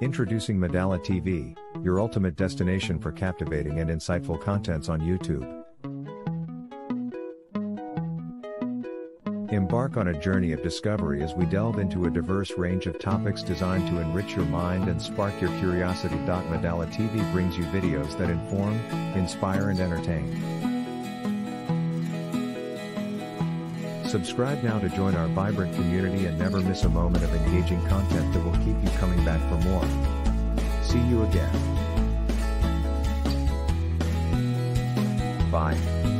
Introducing Medalla TV, your ultimate destination for captivating and insightful contents on YouTube. Embark on a journey of discovery as we delve into a diverse range of topics designed to enrich your mind and spark your curiosity. Medalla TV brings you videos that inform, inspire, and entertain. Subscribe now to join our vibrant community and never miss a moment of engaging content that will keep you back for more. See you again. Bye.